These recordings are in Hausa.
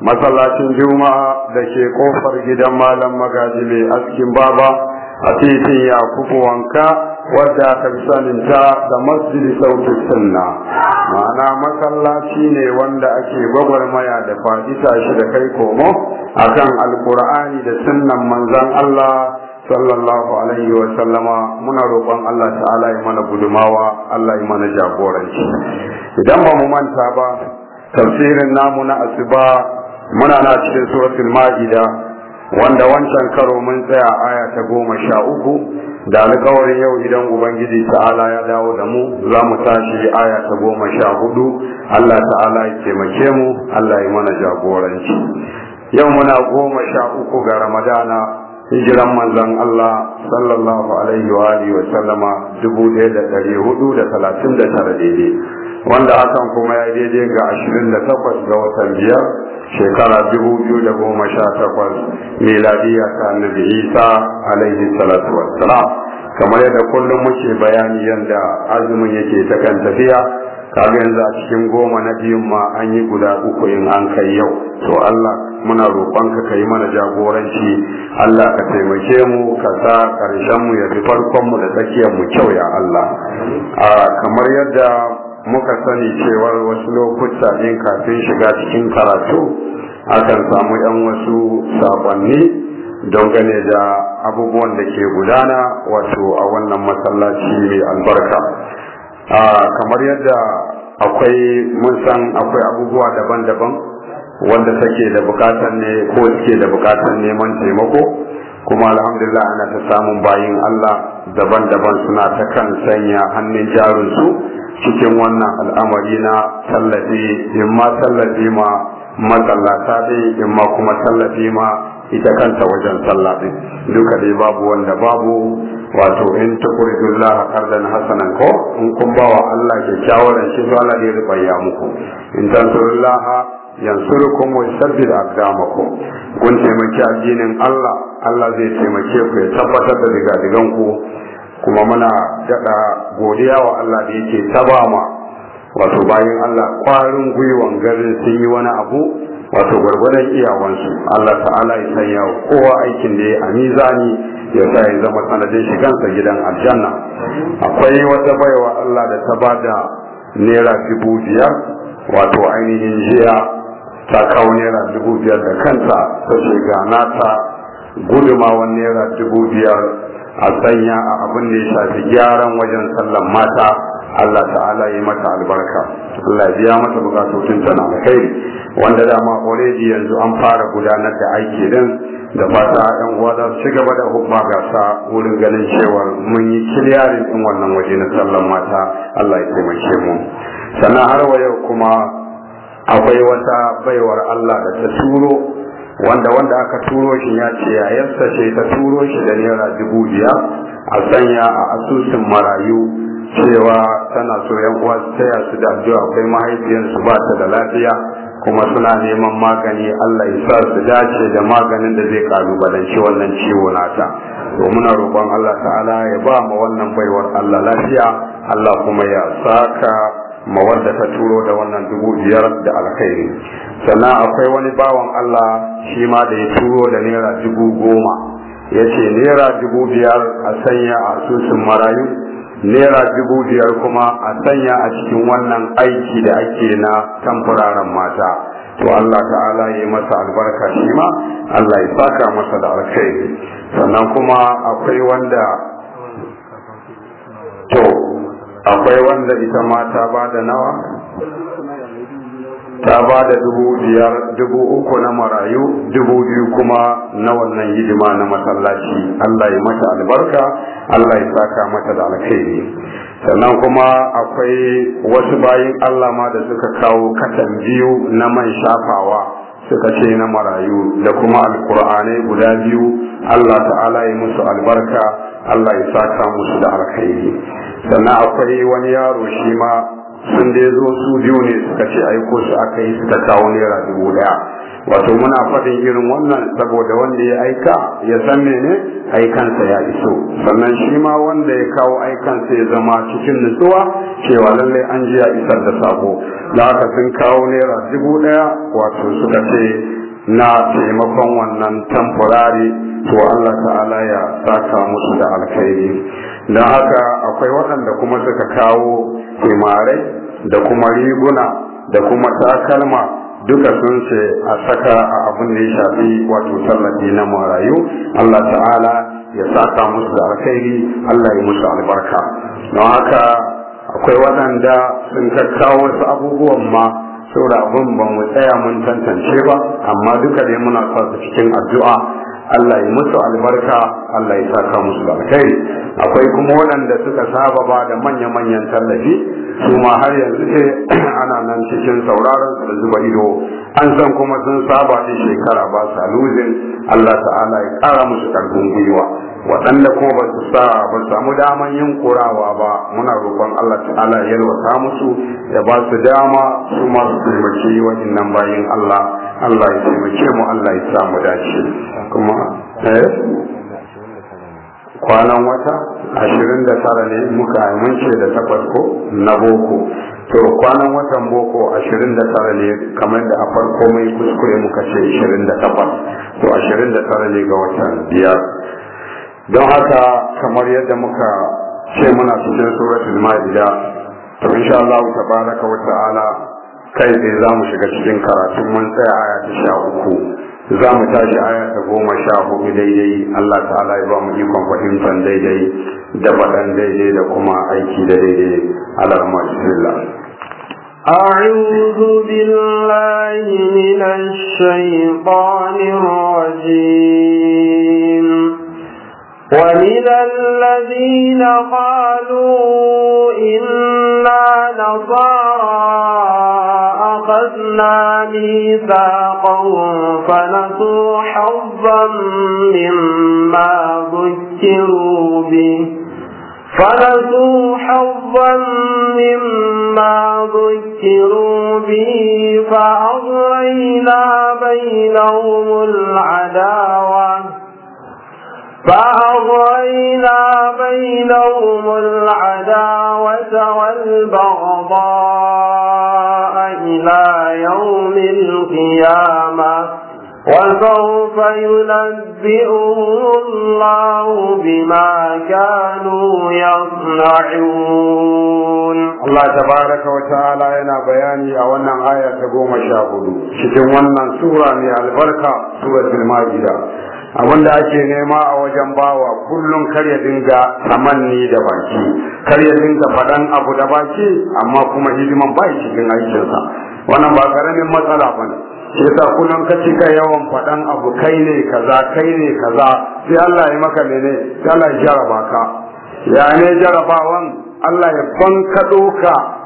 masallacin juma'a da ke kofar gidan malam magaji mai askin baba a titin yakubu wanka wadda aka fi ta da masjidi sautin sunna ma'ana masallaci ne wanda ake gwagwarmaya da fadita shi da kai komo a akan alkur'ani da sunnan manzan allah sallallahu alaihi wa sallama muna roƙon Allah ta'ala ya mana gudumawa Allah ya mana jagoranci idan ba mu manta ba tafsirin namu na asuba muna na cikin suratul ma'ida wanda wancan karo mun tsaya aya ta goma sha uku da alkawarin yau idan ubangiji ta'ala ya dawo da mu za mu tashi aya ta goma sha hudu allah ta'ala ya taimake mu allah ya mana jagoranci yau muna goma sha uku ga ramadana hijiran manzon allah sallallahu alaihi wa alihi wa sallama dubu ɗaya da ɗari hudu da talatin da tara daidai wanda hakan kuma ya daidai ga ashirin da takwas ga watan biyar shekara dubu biyu da goma sha takwas miladiya ta annabi isa alaihi salatu wassalam kamar yadda kullum muke bayani yadda azumin yake ta kan tafiya kaga yanzu a cikin goma na biyun ma an yi guda uku in an kai yau to Allah muna roƙon ka kai mana jagoranci Allah ka taimake mu ka sa ƙarshen mu ya fi farkon mu da tsakiyar mu kyau ya Allah kamar yadda muka sani cewa wasu lokuta ne kafin shiga cikin karatu akan samu yan wasu sakonni dangane da abubuwan da ke gudana wato a wannan masallaci mai albarka kamar yadda akwai mun san akwai abubuwa daban-daban wanda take da bukatan ne ko suke da bukatar neman taimako kuma alhamdulillah ana ta samun bayin Allah daban-daban suna ta kan sanya hannun jarinsu cikin wannan al'amari na tallafi in ma tallafi ma matsalata dai in ma kuma tallafi ma ita kanta wajen sallah din duka dai babu wanda babu wato in da qardan hasanan ko in kun bawa Allah ke kyakkyawan shi zuwa Allah da rubaya muku in tansurullah yansurukum wa yusabbit aqdamakum kun taimaki addinin Allah Allah zai taimake ku ya tabbatar da diga digan ku kuma muna daɗa godiya wa Allah da yake tabama wato bayan Allah kwarin gwiwan garin sun yi wani abu wato gwargwadon iyawansu Allah ta'ala ya sanya kowa aikin da ya a mizani ya sa ya zama sanadin shigansa gidan aljanna akwai wata baiwa Allah da ta bada naira dubu biyar wato ainihin jiya ta kawo naira dubu biyar da kanta ta shiga nata gudumawan naira dubu biyar a sanya a abin da ya shafi gyaran wajen sallan mata Allah ta'ala yi mata albarka Allah ya biya mata bukatocin ta na alkhairi wanda dama already yanzu an fara gudanar da aiki din da fata ɗan uwa za su gaba da hubba gasa wurin ganin cewa mun yi kiliyarin din wannan waje na sallan mata Allah ya taimake mu sannan har wa yau kuma akwai wata baiwar Allah da ta turo wanda wanda aka turo shi ya ce yayarsa ce ta turo shi da naira dubu biyar a sanya a asusun marayu cewa tana so yan uwa su taya su da addu'a akwai mahaifiyarsu ba ta da lafiya kuma suna neman magani Allah ya sa su dace da maganin da zai kalubalanci wannan ciwo nata to muna roƙon Allah ta'ala ya ba mu wannan baiwar Allah lafiya Allah kuma ya saka wanda ta turo da wannan dubu biyar da alkhairi sannan akwai wani bawan Allah shi ma da ya turo da naira dubu goma ya ce naira dubu biyar a sanya a asusun marayu naira dubu biyar kuma a sanya a cikin wannan aiki da ake na tamfuraren mata to Allah ta'ala ya masa albarka shi ma Allah ya saka masa da alkhairi sannan kuma akwai wanda akwai wanda ita ma ta ba da nawa ta ba da dubu biyar dubu uku na marayu dubu biyu kuma na wannan hidima na masallaci Allah ya mata albarka Allah ya saka mata da alkhairi sannan kuma akwai wasu bayin Allah ma da suka kawo katan biyu na man shafawa suka ce na marayu da kuma alkur'anai guda biyu Allah ta'ala ya musu albarka Allah ya saka musu da alkhairi sannan akwai wani yaro shi ma sun da zo su biyu ne suka ce aiko su aka yi suka kawo naira dubu daya wato muna faɗin irin wannan saboda wanda ya aika ya san mene aikansa ya iso sannan shi ma wanda ya kawo aikansa ya zama cikin nutsuwa cewa lallai an ji ya isar da sako da haka sun kawo naira dubu daya wato suka ce na taimakon wannan temporary. to Allah ta'ala ya saka musu da alkhairi dan haka akwai waɗanda kuma suka kawo kimarai da kuma riguna da kuma takalma duka sun ce a saka a abin da ya shafi wato tallafi na marayu Allah ta'ala ya saka musu da alkhairi Allah ya musu albarka don haka akwai waɗanda sun kakkawo wasu abubuwan ma saboda abin ba mu tsaya mun tantance ba amma duka dai muna sa cikin addu'a Allah ya musu albarka Allah ya saka musu barkai akwai kuma waɗanda suka saba ba da manya-manyan tallafi su ma har yanzu ce ana nan cikin sauraron su da zuba ido an san kuma sun saba shi shekara ba sa luzin Allah ta'ala ya kara musu ƙarfin gwiwa waɗanda ko ba su sa ba su samu daman yin kurawa ba muna roƙon Allah ta'ala ya yalwata musu ya ba su dama su ma su taimaki waɗannan bayin Allah Allah ya taimake mu Allah ya samu dace kuma eh kwanan wata ashirin da tara ne muka amince da takwas ko na boko to kwanan watan boko 29 ne kamar da a farko mai kuskure muka ce 28 to 29 ne ga watan biyar don haka kamar yadda muka ce muna cikin suratul ma'ida to insha Allah tabaraka wa ta'ala kai tsaye za mu shiga cikin karatun mun tsaya aya ta sha uku za mu tashi aya ta goma sha hudu daidai Allah ta'ala ya ba mu ikon fahimtar daidai da faɗan daidai da kuma aiki da daidai alarma bismillah أعوذ بالله من الشيطان الرجيم ومن الذين قالوا إنا نصارى أخذنا ميثاقهم فنسوا حظا مما ذكروا به فنسوا حظا مما ذكروا به فأغرينا بينهم العداوة فأغرينا بينهم العداوة والبغضاء إلى يوم القيامة وسوف ينبئهم الله بما كانوا يصنعون الله تبارك وتعالى ينا بياني أولا آية تقوم الشاهدون شكرا لنا سورة من البركة سورة الماجدة abinda ake nema a wajen bawa kullum kar ya dinga amanni da baki kar ya dinga faɗan abu da baki amma kuma hidiman ba cikin aikinsa wannan ba karamin matsala ba ne yasa kullum ka cika yawan faɗan abu kai ne kaza kai ne kaza sai Allah ya maka mene sai Allah jaraba ka ya ne jarabawan Allah ya ban ka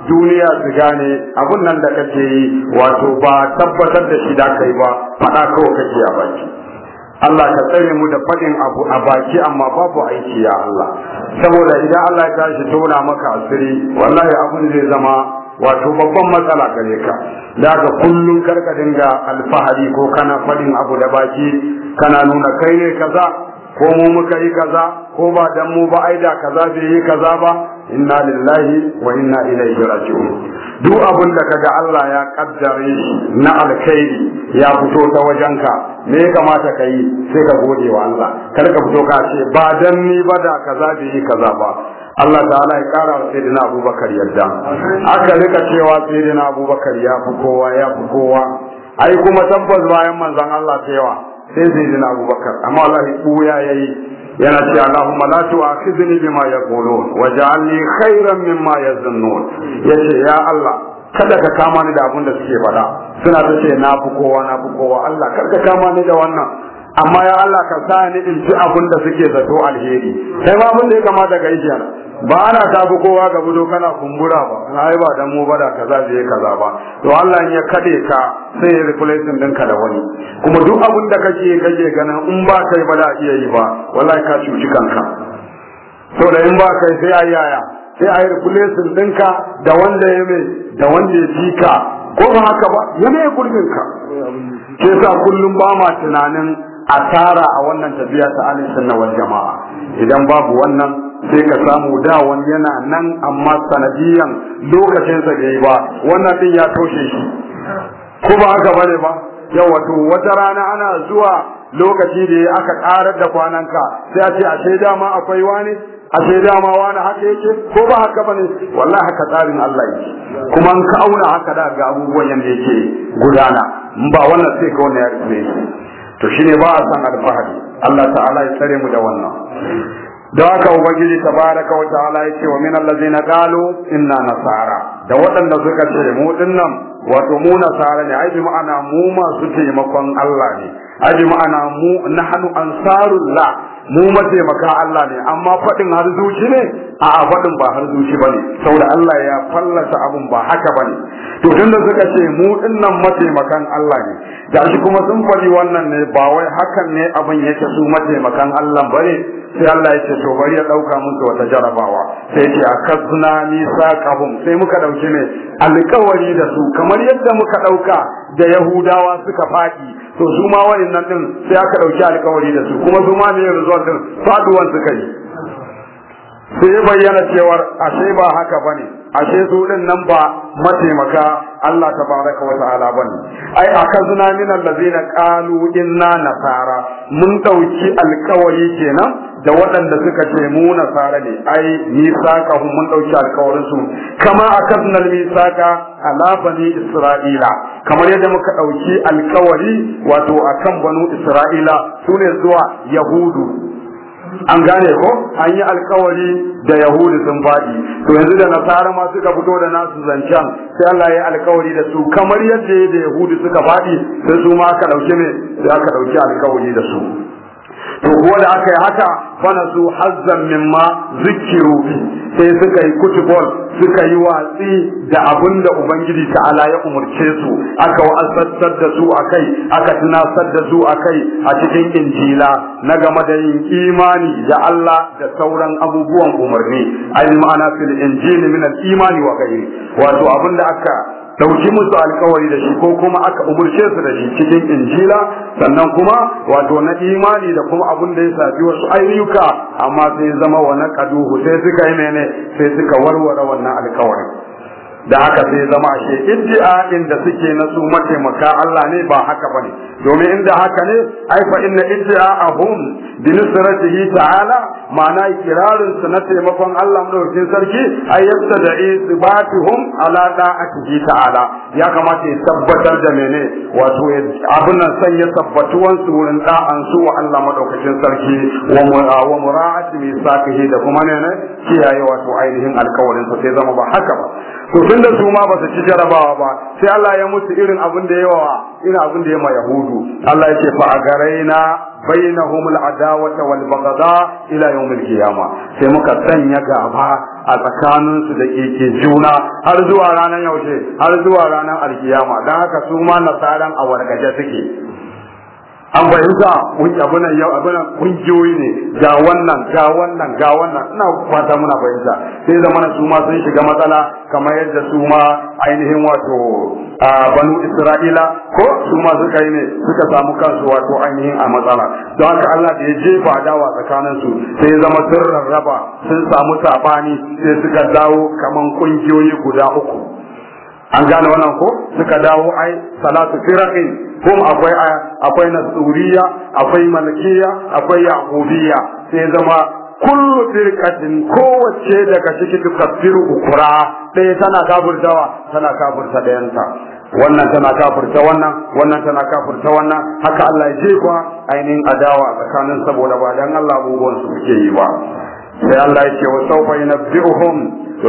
duniya su gane abun nan da kake yi wato ba tabbatar da shi da kai ba faɗa kawai kake a baki Allah ka tsare mu da faɗin abu a baki amma babu aiki ya Allah saboda idan Allah ya tashi tona maka asiri wallahi abun zai zama wato babban matsala gare ka da ga kullum karka dinga alfahari ko kana faɗin abu da baki kana nuna kai ne kaza ko mu muka yi kaza ko ba dan mu ba aida kaza bai yi kaza ba inna lillahi wa inna ilaihi raji'un duk abun da kaga Allah ya kaddare na alkhairi ya fito ta wajenka me ya kamata ka yi sai ka gode wa Allah kar ka fito ka ce ba dan ni ba da kaza bai yi kaza ba Allah ta'ala ya kara wa sayyidina Abubakar yadda aka rika cewa sayyidina Abubakar ya fi kowa ya fi kowa ai kuma tabbas bayan manzon Allah cewa sai sayyidina Abubakar amma wallahi buya yayi yana ce Allahumma la tu'akhidhni bima yaqulun waj'alni khayran mimma yazunnun yace ya Allah kada ka kama ni da abin da suke faɗa suna ta ce na fi kowa na fi kowa Allah kar ka kama ni da wannan amma ya Allah ka sa ni in ji abin da suke zato alheri sai ma abin da ya kamata ka yi kenan ba ana ta fi kowa ga budo kana kumbura ba ai ba dan mu ba da kaza zai kaza ba to Allah ya kade ka sai ya replacement ɗinka da wani kuma duk abin da kake kake ganin in ba kai ba da iya yi ba wallahi ka cuci kanka saboda in ba kai sai yaya. sai a yi replacing ɗinka da wanda ya mai da wanda ya fi ka ko ba haka ba ya mai gurbinka ke sa kullum ba ma tunanin asara a wannan tafiya ta alin sunna jama'a idan babu wannan sai ka samu da wani yana nan amma sanadiyan lokacin sa yi ba wannan din ya toshe shi ko ba haka ba ne ba yau wato wata rana ana zuwa lokaci da aka ƙarar da kwananka sai a ce a sai dama akwai wani a sai dama wani haka yake ko ba haka bane wallahi haka tsarin Allah yake kuma an ka auna haka da ga abubuwan yanda yake gudana in ba wannan sai ka wannan ya kare to shine ba a san alfahari Allah ta'ala ya tsare mu da wannan da haka ubangiji tabaraka wa ta'ala yake wa min allazina qalu inna nasara da waɗanda suka ce mu dinnan wato mu nasara ne ai ma'ana mu masu taimakon Allah ne ai ma'ana mu nahnu ansarullah mu mataimaka Allah ne amma faɗin har zuci ne a faɗin ba har zuci bane saboda Allah ya fallasa abun ba haka bane to da suka ce mu dinnan mataimakan Allah ne da shi kuma sun faɗi wannan ne ba wai hakan ne abin yake su mataimakan Allah bane sai Allah ya ce to bari ya dauka musu wata jarabawa sai ya ce akazna misaqahum sai muka ɗauki ne alƙawari da su kamar yadda muka ɗauka da Yahudawa suka faɗi to zuma ma nan din sai aka ɗauki alƙawari da su kuma zuma ne zuwa din faduwan suka yi sai bayyana cewar ashe ba haka bane ashe su din nan ba mataimaka Allah tabaraka wa ta'ala bane ai zuna min allazina qalu inna nasara mun dauki alkawari kenan da waɗanda suka ce mu nasara ne ai misaka mun dauki alkawarin su kama akazna misaka ala bani isra'ila kamar yadda muka dauki alkawari wato akan banu isra'ila sune zuwa yahudu an gane ko an yi alkawari da yahudi sun faɗi to yanzu da nasara ma suka fito da nasu zancen sai Allah ya alkawari da su kamar yadda da yahudi suka faɗi sai su ma aka ɗauki ne sai aka ɗauki alkawari da su to kuwa da aka yi haka fana su hazzan mimma zikiru sai suka yi kutubol suka yi watsi da abinda da ubangiji ta'ala ya umarce su aka wa'azantar da su akai aka tunasar da su akai a cikin injila na game da yin imani da Allah da sauran abubuwan umarni ai ma'ana fil injili min al imani wa ghairi wato abin da aka dauki musu alkawari da shi ko kuma aka umurce su da shi cikin injila sannan kuma wato na imani da kuma abin da ya shafi wasu ayyuka amma sai zama wa kaduhu sai suka yi mene sai suka warware wannan alkawarin da haka sai zama ashe iddi'a'in da suke na su mataimaka Allah ne ba haka bane domin inda haka ne ai fa inna iddi'a'ahum bi nusratihi ta'ala ma'ana ikirarin su na taimakon Allah madaukakin sarki ai yabtada'i sibatuhum ala da'atihi ta'ala ya kamata ya tabbatar da mene wato abin nan sanya tabbatu su wurin da'an su wa Allah madaukakin sarki wa mura'ati misaqihi da kuma ne ne kiyaye wato ainihin alƙawarin sa sai zama ba haka ba to tun da su ma ba su ci jarabawa ba sai Allah ya mutu irin abin da yawa irin abin da ya ma yahudu Allah ya ce fa agaraina bainahum al-adawata wal baghdha ila yawm al-qiyama sai muka sanya gaba a tsakanin su da keke juna har zuwa ranar yaushe har zuwa ranar alkiyama dan haka su ma nasaran a suke an fahimta abunan yau abunan kungiyoyi ne ga wannan ga wannan ga wannan ina fata muna fahimta sai zama su ma sun shiga matsala kamar yadda su ainihin wato a banu isra'ila ko su suka yi ne suka samu kansu wato ainihin a matsala don haka Allah da ya jefa adawa tsakanin su sai ya zama sun rarraba sun samu sabani sai suka dawo kaman kungiyoyi guda uku an gane wannan ko suka dawo ai salatu firaqin kuma akwai akwai nasuriya akwai malkiya akwai yahudiya sai zama kullu firqatin kowace daga cikin tafsiru ukura ɗaya tana kafurtawa tana da ɗayanta wannan tana kafurta wannan wannan tana kafurta wannan haka Allah ya kwa ainihin adawa tsakanin saboda ba dan Allah abubuwan su suke yi ba sai Allah ya ce wa sawfa yunabbi'uhum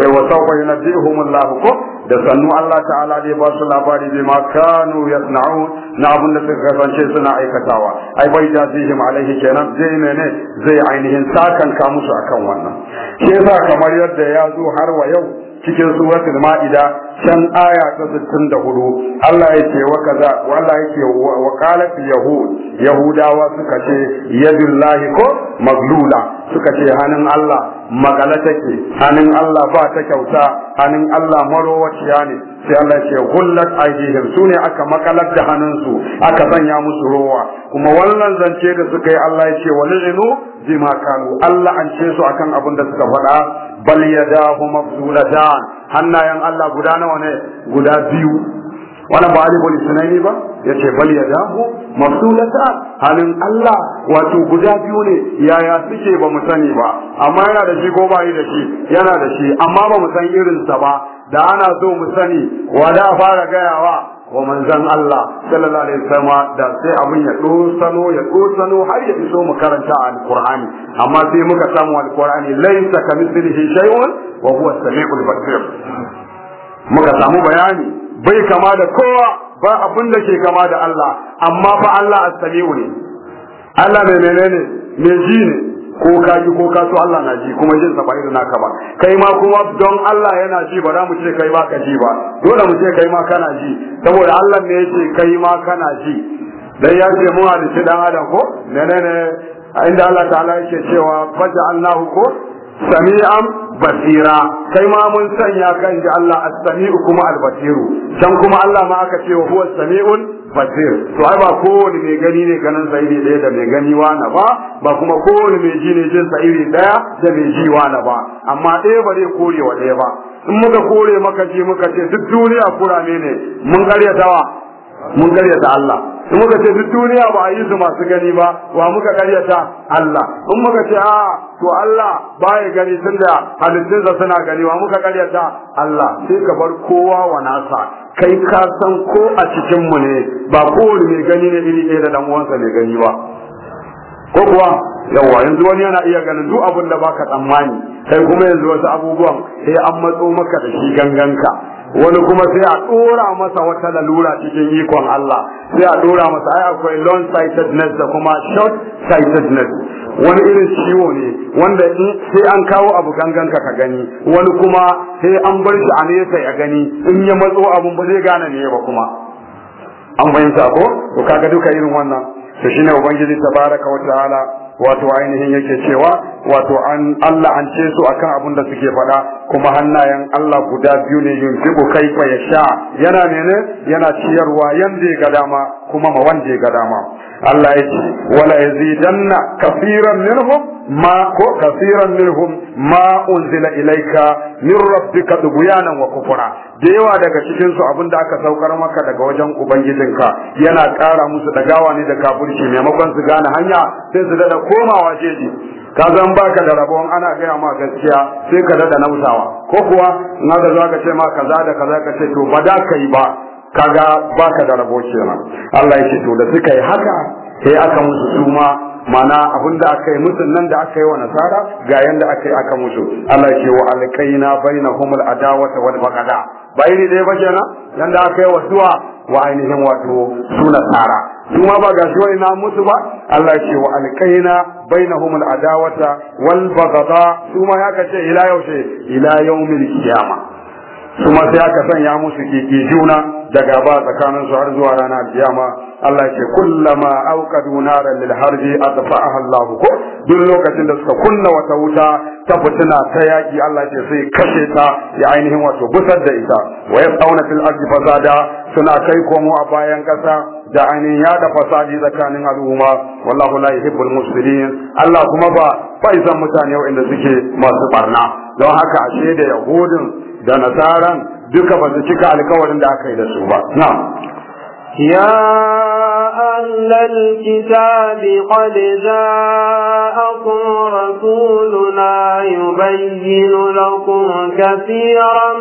wa sawfa yunabbi'uhum Allahu ko da sannu Allah ta'ala zai ba su labari bi makanu kanu yasna'u na abin da suka kasance suna aikatawa ai bai da zihim alaihi kenan zai mene zai ainihin sakan ka musu akan wannan shi yasa kamar yadda ya zo har wa yau cikin suratul ma'ida can aya ta 64 Allah ce wa kaza wallahi yake wa qalat yahud yahudawa suka ce yadullahi ko maglula suka ce hannun Allah magala take hannun Allah ba ta kyauta hannun Allah marowaciya ne sai Allah ce gullat aidihim sune aka makalar da hannunsu aka sanya musu rowa kuma wannan zance da suka yi Allah ya ce wal'inu bima kanu Allah an ce su akan abin da suka faɗa bal yadahu mabdulatan hannayen Allah guda nawa ne guda biyu wannan ba alifun sunaini ba yace bal yadahu mabdulatan halin Allah wato guda biyu ne yaya suke ba mu sani ba amma yana da shi ko ba yi da shi yana da shi amma ba mu san irin sa ba da ana so mu sani wa wala fara gayawa wa manzan Allah sallallahu alaihi wasallam da sai abin ya dosano ya dosano har ya iso mu karanta alqur'ani amma sai muka samu alqur'ani laysa kamithlihi shay'un wa huwa as-sami'ul basir muka samu bayani bai kama da kowa ba abin da ke kama da Allah amma fa Allah as-sami'u ne Allah mai menene mai ji ne ko ka ji ko ka so Allah na ji kuma jin sa irin naka ba kai ma kuma don Allah yana ji ba za mu ce kai ma ka ji ba dole mu ce kai ma kana ji saboda Allah ne yake kai ma kana ji dan ya ce mu hadisi dan adam ko ne ne ne inda Allah ta'ala yake cewa faja'alnahu ko sami'an basira kai ma mun sanya kan ji Allah as-sami'u kuma al-basiru can kuma Allah ma aka ce wa huwa sami'un basir to ai ba kowane mai gani ne ganin sa iri ɗaya da mai gani wani ba ba kuma kowane mai ji ne jin sa iri ɗaya da mai ji wani ba amma ɗaya ba zai kore wa ɗaya ba in muka kore maka ji muka ce duk duniya kurame ne mun karyatawa mun karyata Allah in muka ce duk duniya ba a yi su masu gani ba wa muka karyata Allah in muka ce a to Allah baya gani tunda halittunsa suna gani wa muka karyata Allah sai ka bar kowa wa nasa kai ka san ko a cikin mu ne ba kowane mai gani ne iri ɗaya da dan uwansa mai gani ba ko kuwa yawa yanzu wani yana iya ganin duk abin da baka tsammani kai kuma yanzu wasu abubuwan sai an matso maka da shi ganganka wani kuma sai a dora masa wata lalura cikin ikon Allah sai a dora masa ai akwai long sightedness da kuma short sightedness wani irin ciwo ne wanda sai an kawo abu gangan ka gani wani kuma sai an bar shi a nesa a gani in ya matso abun ba zai gane ne ba kuma an fahimta ko to kaga duka irin wannan to shine ubangiji tabaraka wa ta'ala wato ainihin yake cewa wato an Allah an ce su akan abin da suke faɗa kuma hannayen Allah guda biyu ne kai ya sha. yana ne yana ciyarwa yanda ya ga dama kuma ma wanda ya ga dama Allah ya ce wala yazidanna kafiran minhum ma ko kafiran minhum ma unzila ilayka min rabbika dughyanan wa kufra da yawa daga cikin su abinda aka saukar maka daga wajen ubangijinka yana kara musu dagawa ne da kafirci maimakon su gane hanya sai su dada komawa jeji ka zan baka da rabon ana gaya ma gaskiya sai ka dada nausawa ko kuwa na da za ka ce ma kaza da kaza ka ce to ba da ka ba kaga baka da rabo kenan Allah yake to da suka yi haka sai aka musu suma mana abinda aka yi musu nan da aka yi wa nasara ga yanda aka yi aka musu Allah yake wa alqaina bainahum al'adawata wal bagada bai ne dai ba kenan yanda aka yi wa suwa wa ainihin wato su nasara su ma ba shi wani na musu ba Allah yake wa alqaina bainahum al'adawata wal bagada su ma ya kace ila yaushe ila yaumil qiyamah kuma sai aka sanya musu kiki juna da ba tsakanin su har zuwa ranar kiyama Allah ce kullama auqadu naran lil harbi atfa'aha Allah ko duk lokacin da suka kunna wata wuta ta fitina ta yaki Allah ce sai kashe ta ya ainihin wato busar da ita wa yasawna fil ardi fasada suna kai komo a bayan kasa da ainihin yada fasadi tsakanin al'umma wallahu la yuhibbul mufsidin Allah kuma ba bai san mutane wanda suke masu barna don haka ashe da yahudin da nasaran duka ba su cika alƙawarin da aka yi da su ba na'am يا أهل الكتاب قد جاءكم رسولنا يبين لكم كثيرا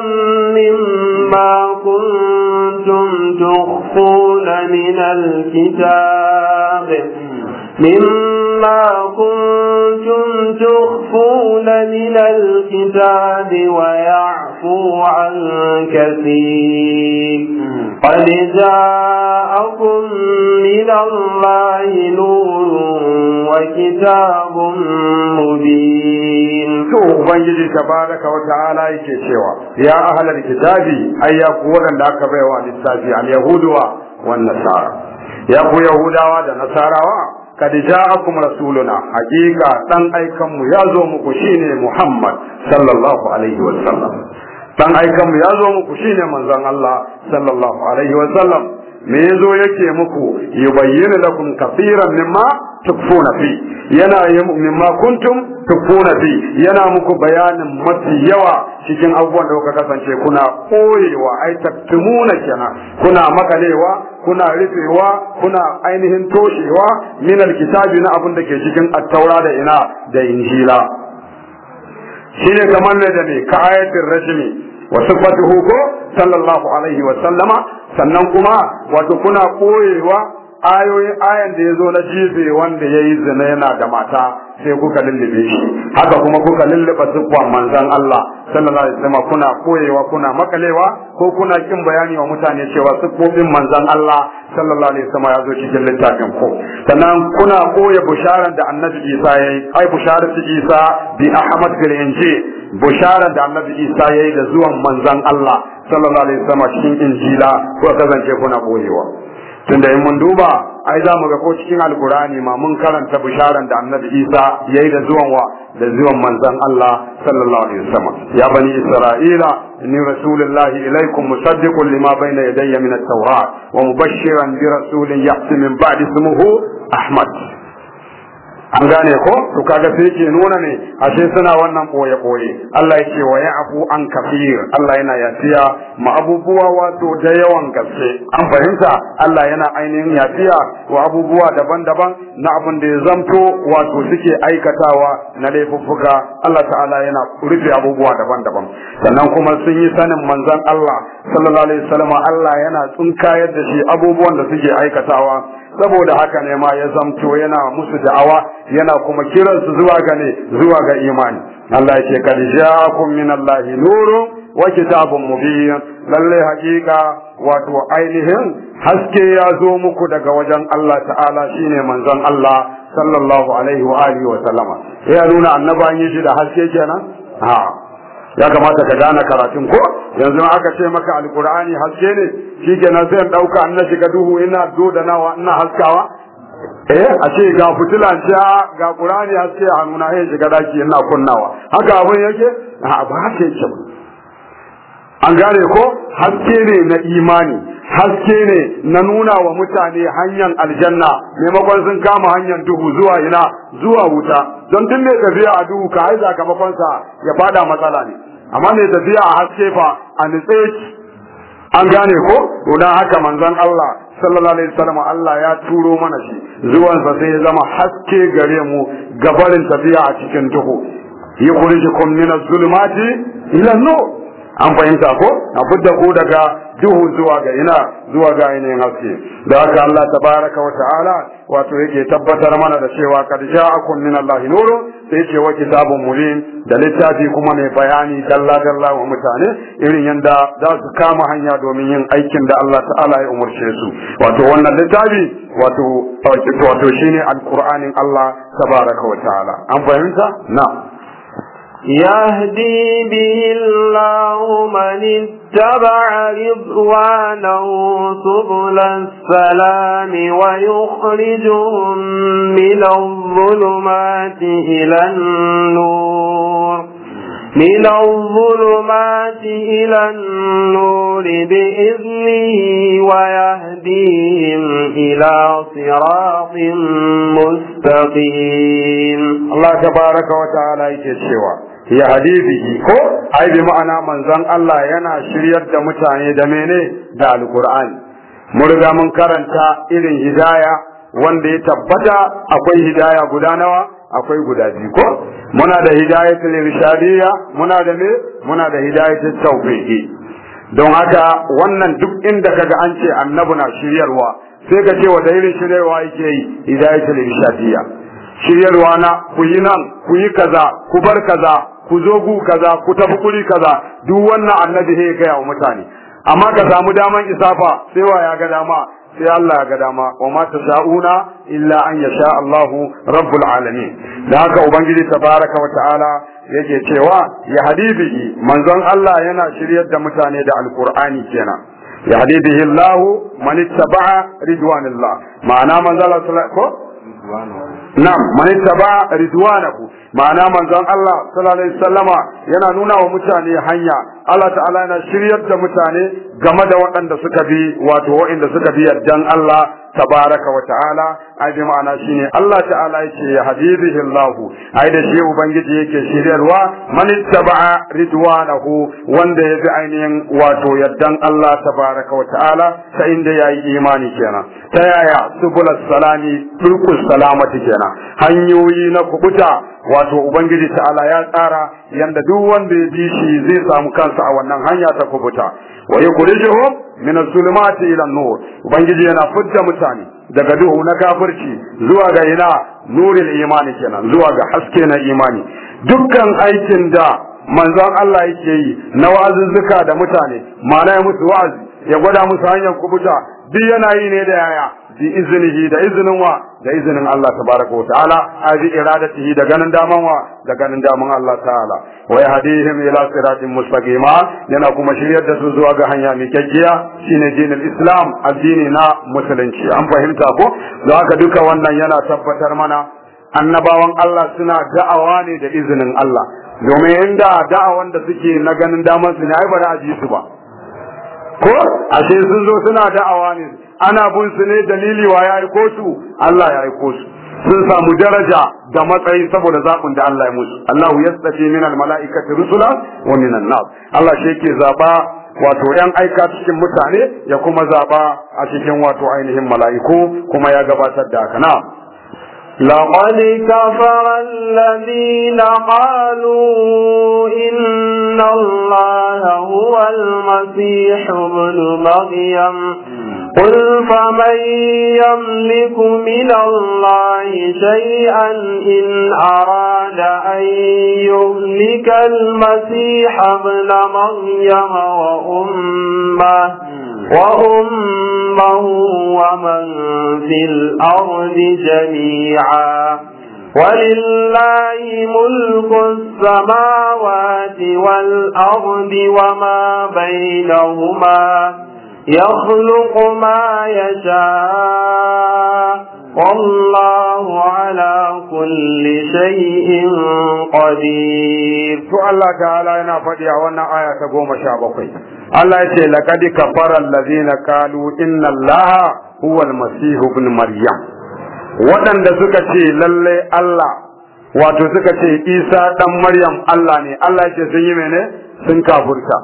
مما كنتم تخفون من الكتاب مما كنتم تخفون من الكتاب ويعفو عن كثير قد جاءكم من الله نور وكتاب مبين ومن يجي تبارك وتعالى يكتوى يا أهل الكتاب أي أقول أن كبير بيوان الساجي عن يهودها والنصارى يقول يهودها والنصارى والنصارى kad ja'akum rasuluna hakika dan aikan mu ya zo muku shine Muhammad sallallahu alaihi wa sallam dan aikan mu ya zo muku shine manzon Allah sallallahu alaihi wa sallam me yazo yake muku yubayyinu lakum kaseeran mimma tukfuna fi yana mimma kuntum tukfuna fi yana muku bayanin mafi yawa cikin abubuwan da kuka kasance kuna koyewa ai taktumuna kenan kuna makalewa kuna rufewa kuna ainihin toshewa min alkitabi na abun da ke cikin attaura da ina da injila shine kamar ne da ne ka ayatin rajmi wa sifatuhu ko sallallahu alaihi wa sallama sannan kuma wato kuna koyewa ayoyin ayan da ya zo na jibe wanda ya yi zina yana da mata sai kuka lullube shi haka kuma kuka lullube siffan manzan Allah sallallahu alaihi wasallam kuna koyewa kuna makalewa ko kuna kin bayani wa mutane cewa siffofin manzan Allah sallallahu alaihi wasallam ya zo cikin littafin ku sannan kuna koya Bushara da annabi Isa yayi ai da Isa bi Ahmad bin Injil Bushara da annabi Isa yayi da zuwan manzan Allah sallallahu alaihi wasallam cikin Injila ko kasance kuna koyewa tunda in mun duba ai za mu ga ko cikin alkurani ma mun karanta bisharan da annabi isa ya yi da zuwan wa da zuwan manzan allah sallallahu alaihi wasallam ya bani isra'ila inni rasulullahi ilaikum musaddiqun lima bayna yadayya min at-taurat wa mubashshiran bi rasulin ya'ti min ba'di ismuhu ahmad an gane ko to kaga sai ke nuna ne ashe suna wannan boye boye Allah yake wa ya'fu an kafir Allah yana yafiya ma abubuwa wato da yawan gaske an fahimta Allah yana ainihin yafiya wa abubuwa daban-daban na abin da ya zamto wato suke aikatawa na laifuffuka Allah ta'ala yana rufe abubuwa daban-daban sannan kuma sun yi sanin manzon Allah sallallahu alaihi wasallam Allah yana tsunkayar da shi abubuwan da suke aikatawa saboda haka ne ma ya zamto yana musu da'awa yana kuma kiransu zuwa ga zuwa ga imani Allah ya ce kad min Allah nuru wa kitabun mubin lalle hakika wato ainihin haske ya zo muku daga wajen Allah ta'ala shine manzon Allah sallallahu alaihi wa alihi wa sallama ya nuna annabawan yi da haske kenan ha ya kamata ka gane karatun ko yanzu aka ce maka alqur'ani haske ne shi kenan sai in ɗauka an na shiga duhu ina nawa ina haskawa eh a ce ga fitila ce ga qur'ani a ce hannuna eh shiga daki ina kunnawa haka abin yake a ba sai ce an gane ko haske ne na imani haske ne na nuna wa mutane hanyar aljanna maimakon sun kama hanyar duhu zuwa ina zuwa wuta don duk mai tafiya a duhu ka ai sakamakonsa ya fada matsala ne amma mai tafiya a haske fa a nitse an gane ko don haka manzon Allah sallallahu alaihi wasallam Allah ya turo mana shi zuwan sa sai ya zama haske gare mu gabarin tafiya a cikin duhu yukhrijukum min az-zulumati ila an-nur an fahimta ko a fidda ku daga duhu zuwa ga ina zuwa ga ainihin haske da haka Allah tabaraka wa ta'ala wato yake tabbatar mana da cewa kad ja'akum min Allah nurun sai yake wa kitabun mubin da littafi kuma mai bayani dalla dalla wa mutane irin yanda za su kama hanya domin yin aikin da Allah ta'ala ya umurce su wato wannan littafi wato wato shine alqur'anin Allah tabaraka wa ta'ala an fahimta na'am يهدي به الله من اتبع رضوانه سبل السلام ويخرجهم من الظلمات إلى النور من الظلمات إلى النور بإذنه ويهديهم إلى صراط مستقيم الله تبارك وتعالى يتشوى ya hadibihi ko ai bi ma'ana manzon Allah yana shiryar da mutane da mene da alqur'ani mun riga mun karanta irin hidaya wanda ya tabbata akwai hidaya guda nawa akwai guda biyu ko muna da hidayatul irshadiyya muna da me muna da hidayatul tawfiqi don haka wannan duk inda kaga an ce annabi na shiryarwa sai ka ce da irin shiryarwa yake yi hidayatul irshadiyya shiryarwa na kuyi nan kuyi kaza ku bar kaza ku zo gu kaza ku tafi kuri kaza duk wannan annabi sai ya gaya wa mutane amma ka samu daman isafa sai wa ya ga dama sai Allah ga dama wa ma tashauna illa an yasha Allahu rabbul alamin da haka ubangiji tabaraka wa ta'ala yake cewa ya hadibihi manzon Allah yana shiryar da mutane da alqur'ani kenan ya hadibihi Allah man ittaba'a ridwanillah ma'ana manzon Allah ko na'am man ittaba'a ridwanahu ma'ana manzon Allah sallallahu alaihi wasallama yana nuna wa mutane hanya Allah ta'ala yana shiryar da mutane game da waɗanda suka bi wato waɗanda suka bi yardan Allah tabaraka wa ta'ala ai bi ma'ana shine Allah ta'ala yake ya habibihi Allah ai da shi ubangiji yake shiryarwa man ittaba'a ridwanahu wanda ya bi ainihin wato yaddan Allah tabaraka wa ta'ala ta inda yayi imani kenan ta yaya subul salami turkul salamati kenan hanyoyi na kubuta wato ubangiji ta'ala ya tsara yanda duk wanda ya bi shi zai samu kansa a wannan hanya ta kubuta wa yukhrijuhum min az-zulumati ila an-nur ubangiji yana fudda mutane daga duhu na kafirci zuwa ga ina nuril imani kenan zuwa ga haske na imani dukkan aikin da manzon Allah yake yi na wa'azuzzuka da mutane ma'ana wa'azi ya gwada musu hanyar kubuta duk yana yi ne da yaya bi iznihi da iznin wa da iznin Allah tabaaraka wa ta'ala bi iradatihi da ganin daman wa da ganin daman Allah ta'ala wa yahdihim ila siratin mustaqima yana kuma shiryar da su zuwa ga hanya mai kyakkiya shine dinin Islam addini na musulunci an fahimta ko don haka duka wannan yana tabbatar mana annabawan Allah suna da'awa ne da izinin Allah domin inda da'awan da suke na ganin daman su ne ai ba a ji su ba ko ashe sun zo suna da'awa ne ana bin su ne dalili wa ya aiko su Allah ya aiko su sun samu daraja da matsayi saboda zaɓin da Allah ya musu Allahu tsafi min malaikati rusula wa min nas Allah shi yake zaba wato yan aika cikin mutane ya kuma zaba a cikin wato ainihin mala'iku kuma ya gabatar da haka na'am لقد كفر الذين قالوا إن الله هو المسيح ابن مريم قل فمن يملك من الله شيئا إن أراد أن يهلك المسيح ابن مريم وأمه وأمه ومن في الأرض جميعا ولله ملك السماوات والأرض وما بينهما يخلق ما يشاء والله على كل شيء قدير to Allah ta'ala yana faɗi a wannan aya goma sha bakwai Allah ya ce laqad kafara allazina qalu inna allaha huwa almasih ibn maryam waɗanda suka ce lalle Allah wato suka ce Isa ɗan Maryam Allah ne Allah ya ce sun yi mene sun kafurta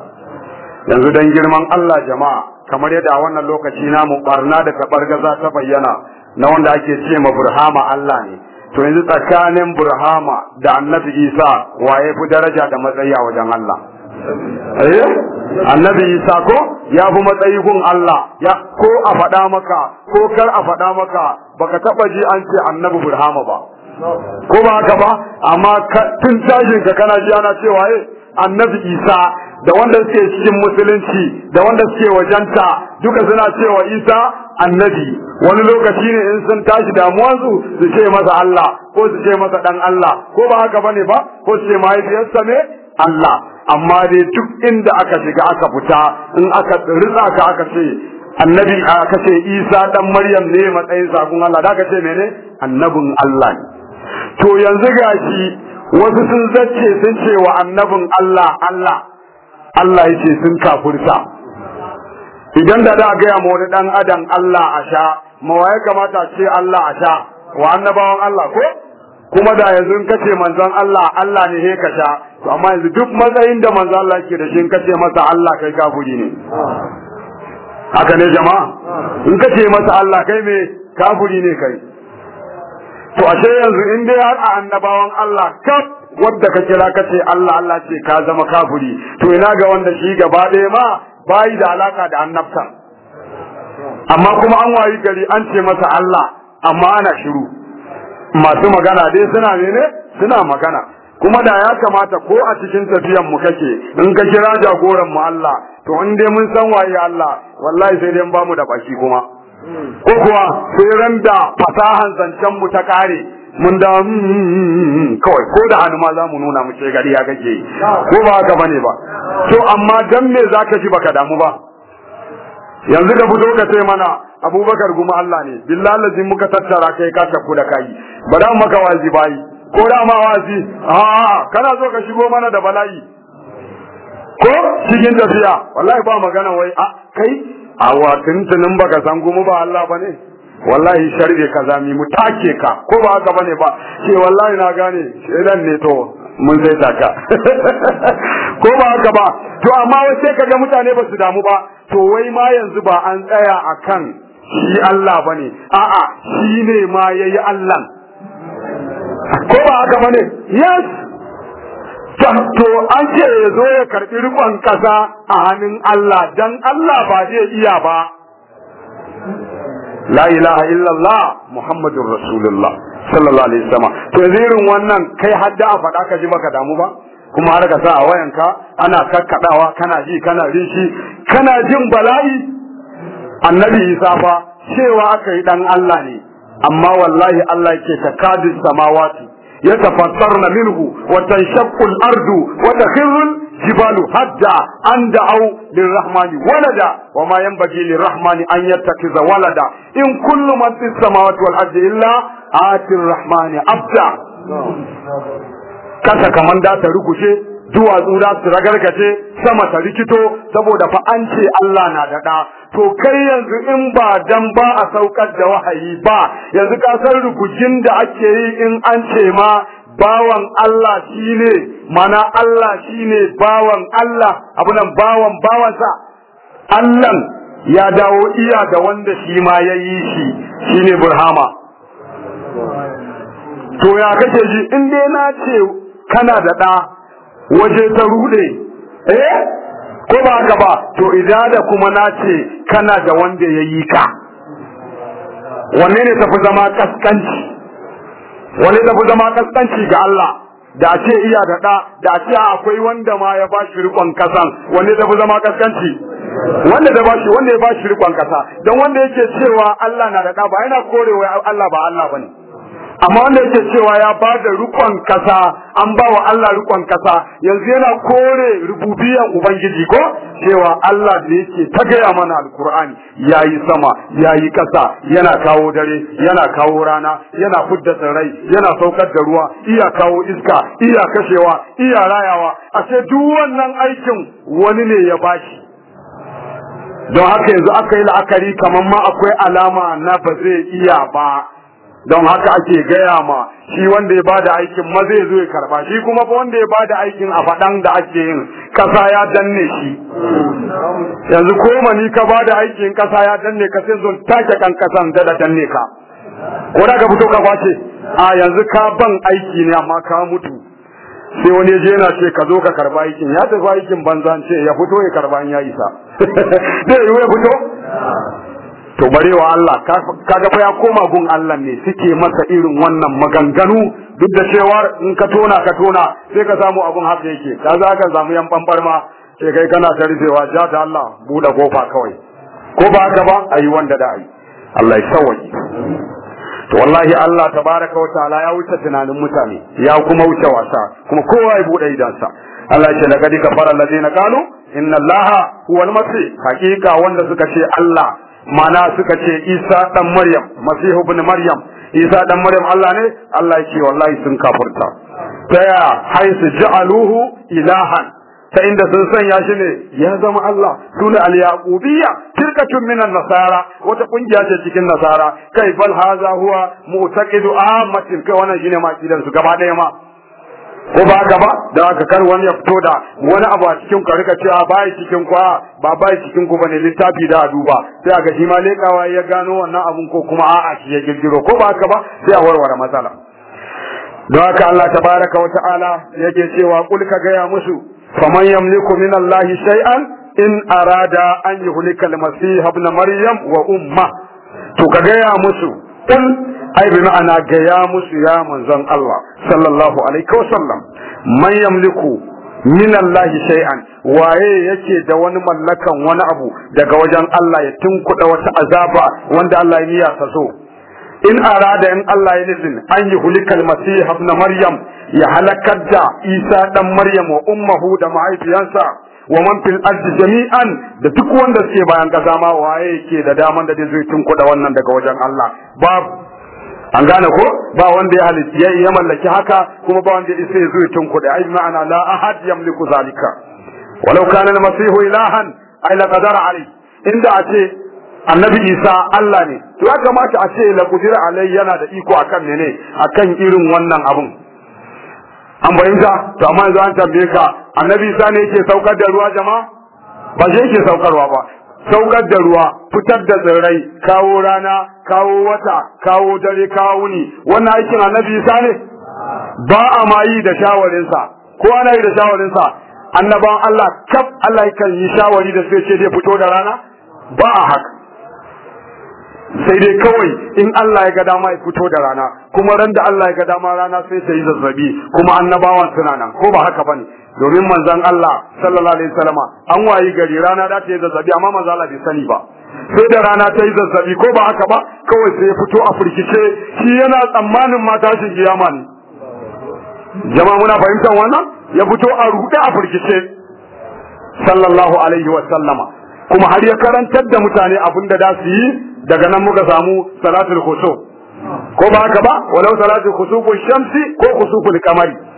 yanzu dan girman Allah jama'a kamar yadda a wannan lokaci namu ɓarna da tabargaza ta bayyana na wanda ake ce ma burhama Allah ne to yanzu tsakanin burhama da annabi isa waye fi daraja da matsayi a wajen Allah eh? annabi isa ko ya fi matsayi gun Allah ko a faɗa maka ko kar a faɗa maka baka taɓa ji an ce annabi burhama ba ko ba haka ba amma tun tashin ka kana ji ana cewa eh annabi isa da wanda suke cikin musulunci da wanda suke wajenta duka suna cewa isa annabi wani lokaci ne in sun tashi damuwarsu su ce masa Allah ko su ce masa dan Allah ko ba haka bane ba ko su ce mahaifiyarsa ne Allah amma dai duk inda aka shiga aka fita in aka ritsa ka aka ce annabi aka ce Isa dan Maryam ne matsayin sakon Allah da aka ce mene annabin Allah to yanzu gashi wasu sun zace sun ce wa annabin Allah Allah Allah ya sun kafurta idan da da gaya mu wani dan adam Allah a sha ya kamata ce Allah a wa annabawan Allah ko kuma da yanzu in kace manzon Allah Allah ne he ka sha to amma yanzu duk matsayin da manzon Allah yake da shi in kace masa Allah kai kafuri ne haka ne jama'a in kace masa Allah kai me kafuri ne kai to ashe yanzu in dai har a annabawan Allah kaf wanda ka kira ka ce Allah Allah ce ka zama kafiri to ina ga wanda shi gaba ɗaya ma bayi da alaka da annabta amma kuma an wayi gari an ce masa Allah amma ana shiru masu magana dai suna ne suna magana kuma da ya kamata ko a cikin tafiyan mu kake in ka kira jagoran mu Allah to in dai mun san waye Allah wallahi sai dai ba mu da baki kuma ko kuwa sai da fasahan zancen mu ta kare mun da hmm, kawai ko da hannu ma za mu nuna mu ce gari ya kake ko ba ka bane ba to amma dan me zaka ji baka damu ba yanzu ka fito ka ce mana abubakar guma Allah ne billahi lazim muka tattara kai ka ku da kai ba da maka wazi bai ko da ma wazi ha kana zo ka shigo mana da bala'i ko cikin tafiya wallahi ba magana wai a ah, kai awa tuntunin baka san kuma ba Allah bane wallahi sharbe kaza mi mu take ka ko ba haka bane ba ke wallahi na gane shedan ne to mun sai taka ko ba haka ba to amma sai kaga mutane ba su damu ba to wai ma yanzu ba an tsaya akan shi Allah bane a'a shi ne ma yayi Allah ko ba haka bane yes to an ce ya zo ya karɓi riƙon ƙasa a hannun Allah don Allah ba zai iya ba la ilaha illallah muhammadur rasulullah sallallahu alaihi wasallam to zirin wannan kai hadda a faɗa ka ji maka damu ba kuma har ka sa a wayanka ana kakkaɗawa kana ji kana rishi kana jin bala'i annabi isa fa cewa aka yi ɗan Allah ne amma wallahi Allah yake takadu samawati يتفطرن منه وتنشق الأرض وتخر الجبال هدا أن دعوا للرحمن ولدا وما ينبغي للرحمن أن يتخذ ولدا إن كل من في السماوات والأرض إلا آتي الرحمن أبدا kasa نعم. كمان da ta duwatsu za su ragargaje sama ta rikito saboda fa an ce Allah na daɗa, to kai yanzu in ba dan ba a saukar da wahayi ba yanzu ka san rugujin da ake yi in an ce ma bawan Allah shi ne mana Allah shi ne bawan Allah abu nan bawan bawansa Allah ya dawo iya da wanda shi ma ya yi shi shi ne burhama to ya kashe ji in dai na ce kana da ɗa waje ta rude eh ko ba ka ba to idan da kuma nace kana da wanda yayi ka wanne ne tafi zama kaskanci wanne tafi zama kaskanci ga Allah da ce iya da da da ce akwai wanda ma ya bashi rikon kasan wanne tafi zama kaskanci wanda da bashi wanda ya bashi rikon kasa dan wanda yake cewa Allah na da da ba yana korewa Allah ba Allah bane amma wanda yake cewa ya ba da rikon kasa an ba wa Allah rikon kasa yanzu yana kore rububiyar ubangiji ko cewa Allah da yake ta gaya mana alkur'ani yayi sama yayi kasa yana kawo dare yana kawo rana yana fudda tsirrai yana saukar da ruwa iya kawo iska iya kashewa iya rayawa ce duk wannan aikin wani ne ya bashi don haka yanzu aka yi la'akari kamar ma akwai alama na ba zai iya ba don haka ake gaya ma shi wanda ya bada aikin ma zai zo ya karba shi kuma fa wanda ya bada aikin a faɗan da ake yin kasa ya danne shi yanzu ko ni ka bada aikin kasa ya danne ka sai zon take kan kasan da da danne ka ko da ka fito ka kwace a yanzu ka ban aiki ne amma ka mutu sai wani je yana ce ka zo ka karba aikin ya tafi aikin banzan ce ya fito ya karba ya isa zai yi ya fito to barewa Allah kaga fa ya koma gun Allah ne suke masa irin wannan maganganu duk da cewa in ka tona ka tona sai ka samu abun haka yake kaza ka samu yan bambar ma sai kai kana ta ja ta Allah Bude kofa kawai ko ba haka ba ayi wanda da ayi Allah ya sauwaje to wallahi Allah tabaraka wa ta'ala ya wuce tunanin mutane ya kuma wuce wasa kuma kowa ya buɗe idansa Allah ya ce laqad kafara allazina qalu inna allaha huwal masih hakika wanda suka ce Allah mana suka ce Isa dan Maryam Masihu ibn Maryam Isa dan Maryam Allah ne Allah ya ce wallahi sun kafirta ta ya haisu ja'aluhu ilahan ta inda sun sanya shi ne ya zama Allah sune al-yaqubiyya firqatun minan nasara wata kungiya ce cikin nasara kai bal haza huwa mu'taqidu ammatin kai wannan shine ma kidan su gaba daya ma ko ba gaba da aka kar wani ya fito da wani abu a cikin ka rika cewa bai cikin ku ba bai cikin ku bane littafi da duba sai aga shi ma lekawa ya gano wannan abun ko kuma a'a shi ya girgiro ko ba gaba ba sai a warware matsala don haka Allah tabaraka wa ta'ala yake cewa kul ka gaya musu faman yamliku min Allah shay'an in arada an yuhlika al-masih ibn maryam wa umma to ka gaya musu kul ai bi ma'ana ga ya musu ya manzon Allah sallallahu alaihi wa sallam man yamliku min Allah shay'an waye yake da wani mallakan wani abu daga wajen Allah ya tunkuda wata azaba wanda Allah ya niyya sa so in arada in Allah ya nizin an yi hulikal masih ibn maryam ya halakar da Isa dan Maryam wa ummuhu da mahaifiyansa wa man fil ard jami'an da duk wanda suke bayan gaza ma waye yake da daman da zai tunkuda wannan daga wajen Allah babu an gane ko ba wanda ya halitta ya mallaki haka kuma ba wanda ya sai zuwa tun da ai ma'ana la ahad yamliku zalika walau kana al-masih ilahan ai la qadara alai inda a ce annabi isa Allah ne to ya kamata a ce la qudira alai yana da iko akan ne ne, akan irin wannan abun an fahimta to amma yanzu an tambaye annabi isa ne yake saukar da ruwa jama'a ba shi yake saukarwa ba saukar da ruwa fitar da tsirrai kawo rana kawo wata kawo dare kawo wuni wannan aikin annabi isa ne ba a ma yi da shawarinsa ko ana yi da shawarinsa annaban Allah kaf Allah kan yi shawari da sai ce zai fito da rana ba a haka sai dai kawai in Allah ya ga dama ya fito da rana kuma ran da Allah ya ga dama rana sai ta yi zazzabi kuma annabawan suna nan ko ba haka bane domin manzan Allah sallallahu alaihi wasallam an wayi gari rana da ta yi zazzabi amma manzan Allah bai sani ba sai da rana ta yi zazzabi ko ba haka ba kawai sai ya fito a furkice shi yana tsammanin mata shi kiyama ne jama'a muna fahimtar wannan ya fito a rude a furkice sallallahu alaihi wasallam kuma har ya karantar da mutane abin da su yi daga nan muka samu salatul khusuf ko ba haka ba walau salatul khusuful shamsi ko khusuful qamari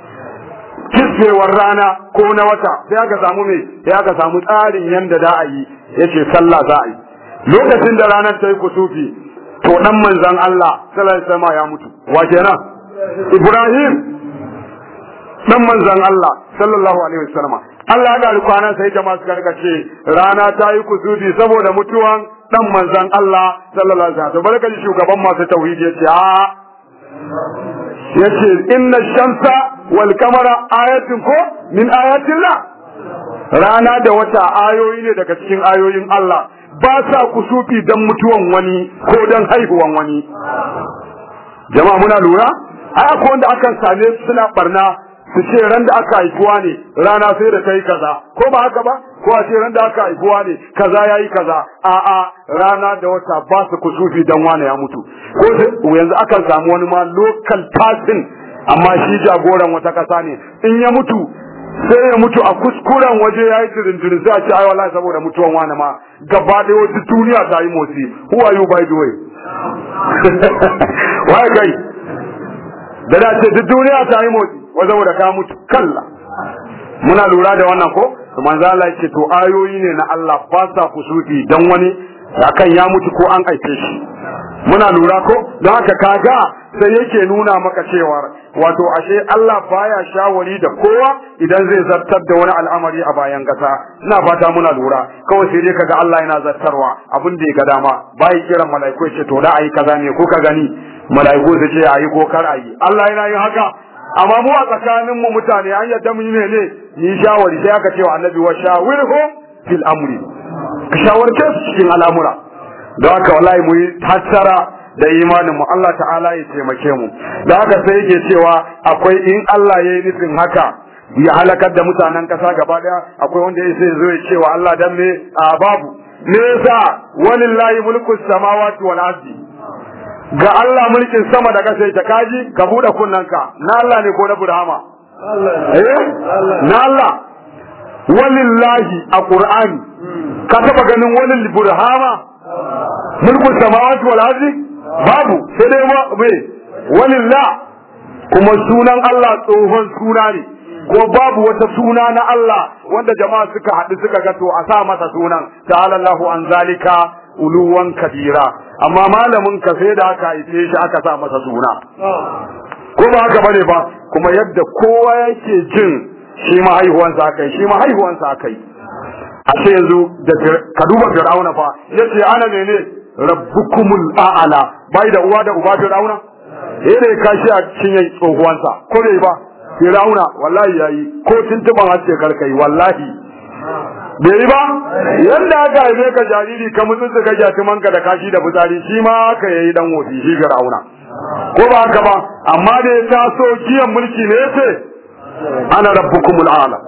kirkewar rana ko na wata sai aka samu me sai aka samu tsarin yanda da a yi yace sallah za a yi lokacin da ranar ta yi kusufi to dan manzon Allah sallallahu alaihi wasallam ya mutu wa kenan Ibrahim dan manzon Allah sallallahu alaihi wasallam Allah ya gari kwana sai jama'a suka rika ce rana ta yi kusufi saboda mutuwan dan manzon Allah sallallahu alaihi wasallam barka shugaban masu tauhidi ya ce a yace inna shamsa wal kamara ayatin ko آيات الله rana da wata ayoyi ne daga cikin ayoyin Allah ba sa kusufi dan mutuwan wani ko dan haihuwan wani jama'a muna lura ai akwai wanda akan same suna barna su ce ran da aka haifuwa ne rana sai da kai kaza ko ba haka ba ko a ce ran da aka haifuwa ne kaza yayi kaza a'a rana da wata ba su kusufi dan wani ya mutu ko yanzu akan samu wani ma local passing amma shi jagoran wata kasa ne in ya mutu sai ya mutu a kuskuren waje ya yi tirintirin sai a ce ai wallahi saboda mutuwan wani ma gaba da wata duniya ta yi motsi who are you by the way wai kai da da ce duk duniya ta yi motsi wazo saboda ka mutu kalla muna lura da wannan ko to manzo Allah yake to ayoyi ne na Allah ba sa kusuti dan wani akan ya mutu ko an aike shi muna lura ko don haka kaga sai yake nuna maka cewa wato ashe Allah baya shawari da kowa idan zai zartar da wani al'amari a bayan kasa ina fata muna lura kawai sai dai kaga Allah yana zartarwa abin da ya ga dama bai kiran mala'iku ce to da ayi kaza ne ko ka gani mala'iku su ce ayi ko kar ayi Allah yana yin haka amma mu a tsakanin mu mutane an yadda mu ne ne ni shawari sai aka ce wa annabi wa shawirhu fil amri shawarce su cikin al'amura da haka wallahi mu yi tattara. da imanin mu Allah ta'ala ya taimake mu da haka sai yake cewa akwai in Allah ya yi nufin haka ya halakar da mutanen kasa gaba daya akwai wanda ya sai zo ya cewa Allah dan me a babu me yasa walillahi mulkus samawati wal ardi ga Allah mulkin sama da kasa ta kaji ka bude kunnanka na Allah ne ko na Burhama eh na Allah walillahi a Qur'ani ka taba ganin walil Burhama mulkin samawati wal ardi babu sai dai ma kuma sunan Allah tsohon suna ne ko babu wata suna na Allah wanda jama'a suka haɗu suka ga to a sa masa sunan ta'ala Allahu an zalika uluwan kabira amma malamin ka sai da aka haife shi aka sa masa suna ko ba haka bane ba kuma yadda kowa yake jin shi ma haihuwansa akai shi ma haihuwansa akai a yanzu da ka duba fir'auna fa yace ana ne ne rabbukumul a'ala bai da uwa da uba Fir'auna yana eh, kashi a cinyan tsohuwansa ko bai ba Fir'auna wallahi yayi ko tuntuban hace karkai wallahi bai yi ba yanda aka haife ka jariri ka mutunta ka jati da kashi da fitsari shi ma ka yayi dan wofi shi Fir'auna ko ba haka ba amma da ya taso kiyan mulki ne yace ana rabbukumul a'ala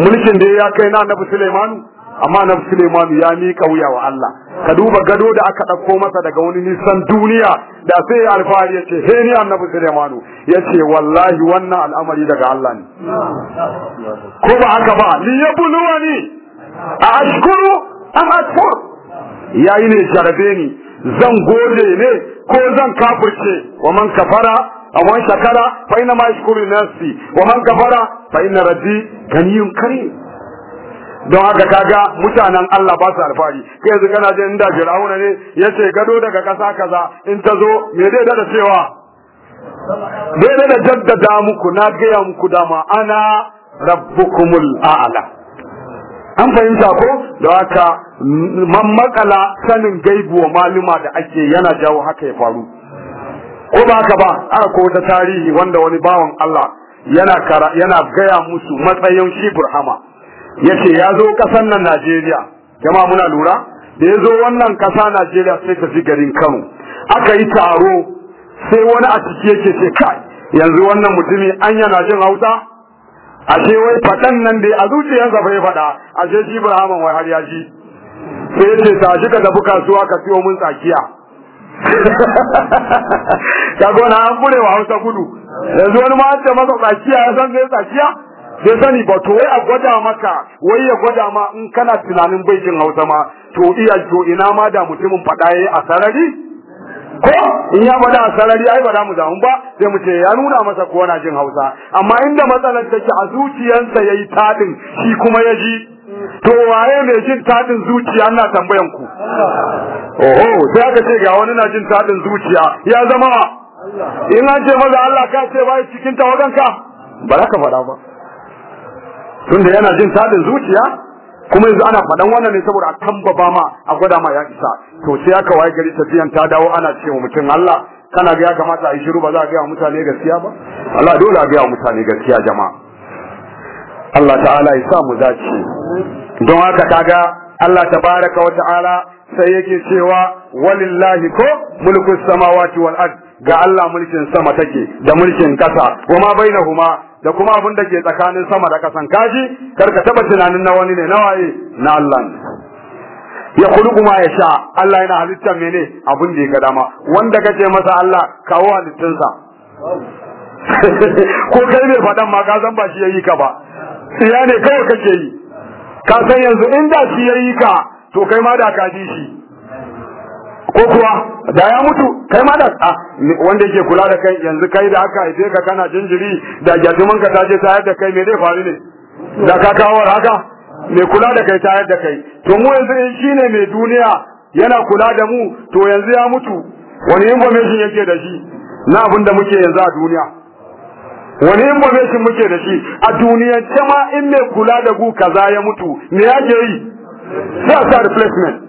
mulkin da ya kai na annabi Sulaiman amma nan Suleiman ya mika wuya wa Allah ka duba gado da aka ɗauko masa daga wani nisan duniya da sai ya alfahari ya ce ni annabi Suleiman ya ce wallahi wannan al'amari daga Allah ne ko ba haka ba li yabluwani a ashkuru am ashkur yayi ne jarabe ni zan gode ne ko zan kafirce wa man kafara ومن شكر فإنما يشكر لنفسه ومن كفر فإن ربي غني كريم don haka kaga mutanen Allah ba su alfahari kai yanzu kana jin inda Fir'auna ne ya ce gado daga kasa kaza in ta zo me zai da cewa dai da jaddada muku na gaya muku dama ana rabbukumul a'la an fahimta ko da haka makala sanin gaibu wa maluma da ake yana jawo haka ya faru ko ba haka ba aka ko ta tarihi wanda wani bawan Allah yana yana gaya musu matsayin shi burhama yace ya zo kasan nan Najeriya jama'a muna lura da ya zo wannan kasa Najeriya sai ka garin Kano aka yi taro sai wani a ciki yake ce kai yanzu wannan mutumi an yana jin Hausa ashe wai fadan nan da a zuciyarsa bai fada ashe shi Ibrahim wai har ya ji sai yace tashi ka tafi kasuwa ka siyo mun tsakiya ka gona an burewa Hausa gudu yanzu wani ma an ce masa tsakiya ya san sai tsakiya Sai sani ba to wai a gwada maka wai ya gwada ma in kana tunanin bai hausa ma to iya to ina ma da mutumin faɗa yi a sarari ko in ya faɗa a sarari ai ba za mu damu ba sai mu ce ya nuna masa ko na jin hausa amma inda matsalar take a zuciyarsa yi tadin shi kuma ya ji to waye mai jin taɗin zuciya ina tambayan ku oho sai aka ce ga wani na jin taɗin zuciya ya zama in an ce maza Allah ka ce bai cikin tawaganka ba za ka faɗa ba tunda yana jin tadin zuciya kuma yanzu ana faɗan wannan ne saboda a tambaba ma a gwada ma ya isa to sai aka waye gari tafiyan ta dawo ana cewa mutum Allah kana ga ya kamata a yi shiru ba za a ga mutane gaskiya ba Allah dole a ga mutane gaskiya jama'a Allah ta'ala ya sa mu dace don haka kaga Allah tabaraka wa ta'ala sai yake cewa walillahi ko mulkus samawati wal ardh ga Allah mulkin sama take da mulkin kasa wa ma huma, da kuma abin da ke tsakanin sama da kasan kaji kar ka taba tunanin na wani ne na waye na Allah ne ya kuma ya sha. Allah yana halitta mene abin da ya ga dama wanda kace masa Allah kawo sa ko kai ne fadan ma ka san ba shi yayi ka ba ya ne kawai kake yi ka san yanzu inda shi yayi ka to kai ma da ka shi ko kuwa da ya mutu kai ma da a ah, wanda yake kula da kai yanzu kai da aka haife ka kana jinjiri da jajuman ka ta tayar da kai me zai faru ne da ka kawo haka me kula da kai tayar da kai to mu yanzu in shine mai duniya yana kula da mu to yanzu ya mutu wani information yake da shi na abin da muke yanzu a duniya wani information muke da shi a ta ma in mai kula da ku kaza ya mutu me yake yi sai a sa replacement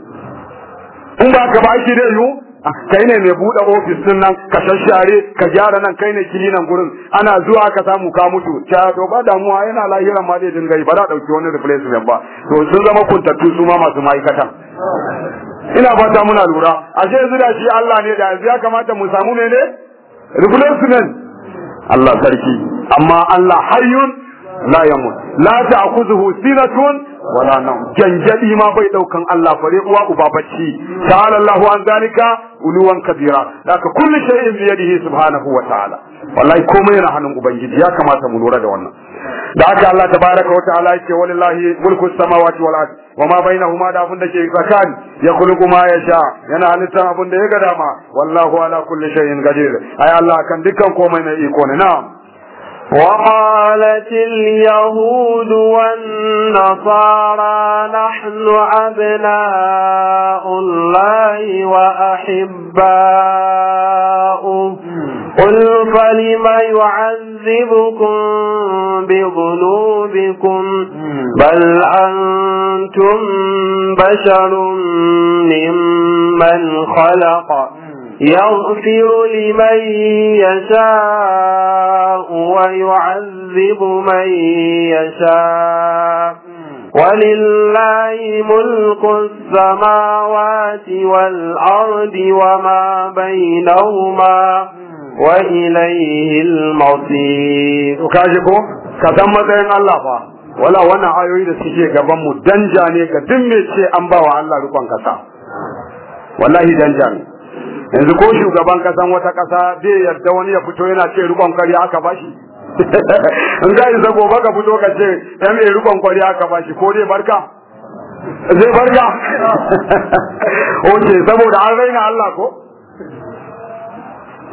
in ba ka ba aiki da yiwu ah, kai ne mai buɗe ofis din nan ka shashare ka gyara nan kai ne kilinan gurin ana zuwa ka samu ka mutu ta to ba damuwa yana lahiran ma dai dinga yi ba da dauki wani replacement ba to sun zama kuntattu su ma masu ma'aikatan ina fata muna lura ashe yanzu da shi Allah ne da yanzu ya kamata mu samu ne replacement Allah sarki amma Allah hayyun la yamut la ta'khudhuhu sinatun wala nan janjadi ma bai daukan Allah bare uwa uba bacci ta'ala Allahu an zalika uluwan kabira daga kullu shay'in bi yadihi subhanahu wa ta'ala wallahi komai yana hannun ubangiji ya kamata mu lura da wannan da haka Allah tabaraka wa ta'ala yake walillahi mulku samawati wal ardi wama bainahuma da abin da ke tsakani ya kulku ma ya sha yana halittar abin da ya ga dama wallahu ala kulli shay'in qadir ay Allah kan dukkan komai mai iko ne na'am وقالت اليهود والنصارى نحن أبناء الله وأحباؤه قل فلم يعذبكم بظنوبكم بل أنتم بشر ممن خلق يغفر لمن يشاء ويعذب من يشاء ولله ملك السماوات والأرض وما بينهما وإليه المصير وكاجكو كتم مدين الله فا ولا وانا آيوي لسيكي قبام دنجاني كدمي شيء أنبا وعلا ربان كتا والله دنجاني yanzu ko shugaban kasan wata kasa zai yarda wani ya fito yana ce rubon kari aka bashi in za isa gobe ka fito ka ce ya mai rubon kwari aka bashi ko dai barka zai barka oke saboda an raina Allah ko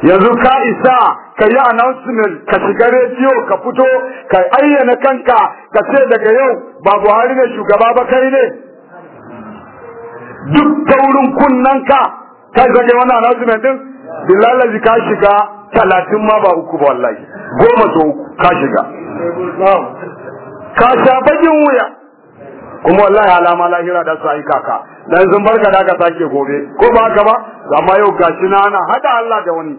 yanzu ka isa ka yi announcement ka shiga rediyo ka fito ka ayyana kanka ka ce daga yau ba Buhari ne shugaba ba kai ne duk taurin kunnanka ka shiga kai wannan announcement din billahi ka shiga talatin ma ba uku ba wallahi goma to uku ka shiga ka sha bakin wuya kuma wallahi alama lahira da su aika ka dan sun barka da ka sake gobe ko ba haka ba amma yau gashi na ana hada Allah da wani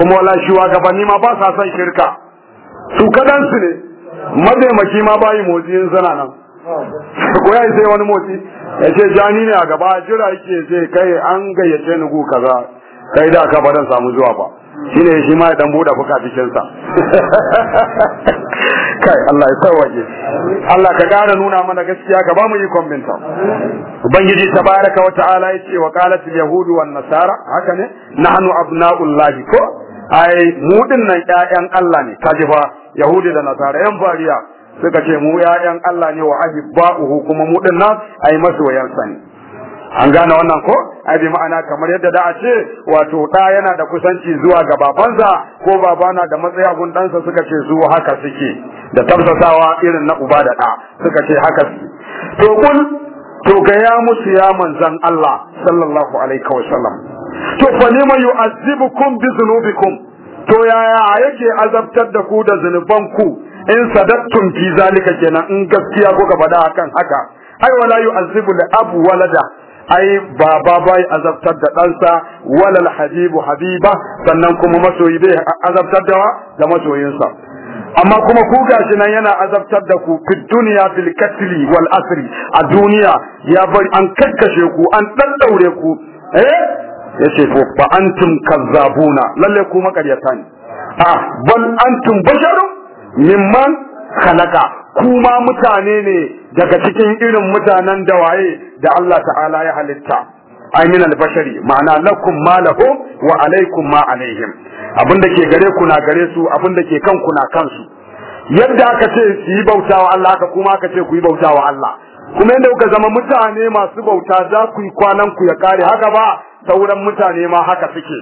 kuma wallahi shi wa ni ma ba sa son shirka su kadan su ne madaimaki ma bayi motsi in nan ko ya sai wani motsi ya ce jani ne a gaba jira yake sai kai an gayyace ni gu kaza kai da ka baran samu zuwa ba shine shi ma ya dan buɗe fuka cikin sa kai Allah ya sauwaje Allah ka ƙara nuna mana gaskiya ka ba mu yi kombinta ubangiji tabaraka wa ta'ala yace wa qalat yahudu wan nasara haka ne nahnu abna'ullahi ko ai mu nan ƴaƴan Allah ne kaji fa yahudi da nasara yan bariya suka ce mu 'Ya'yan Allah ne wa ahibba'uhu kuma mu din nan ai masoyansa ne an gane wannan ko ai bi ma'ana kamar yadda da a ce wato da yana da kusanci zuwa ga babansa ko baba na da matsayi a dansa suka ce zuwa haka suke da tafsasawa irin na uba da ɗa suka ce haka suke to kun to ga ya musu ya manzan Allah sallallahu alaihi wa sallam to fa mai yu'azzibukum bi dhunubikum to yaya yake azabtar da ku da zunubanku in sadattum fi zalika kenan in gaskiya ko ka faɗa akan haka ai wala yu'azzibu abu walada ai baba bai azabtar da ɗansa walal habibu habiba sannan kuma masoyi bai azabtar da da masoyinsa amma kuma ku gashi nan yana azabtar da ku fi duniya bil katli wal asri a duniya ya bar an kakkashe ku an daddaure ku eh yace ko fa antum kazzabuna lalle ku makaryata ne ah ban antum basharun mimman khalaqa kuma mutane ne daga cikin irin mutanen da waye da Allah ta'ala ya halitta ai min albashari ma'ana lakum ma lahum wa alaikum ma alaihim abinda ke gare ku na gare su abinda ke kan ku na kansu yadda aka ce su yi bautawa Allah aka kuma aka ce ku yi bautawa Allah kuma yadda kuka zama mutane masu bauta za ku yi kwanan ku ya kare haka ba sauran mutane ma haka suke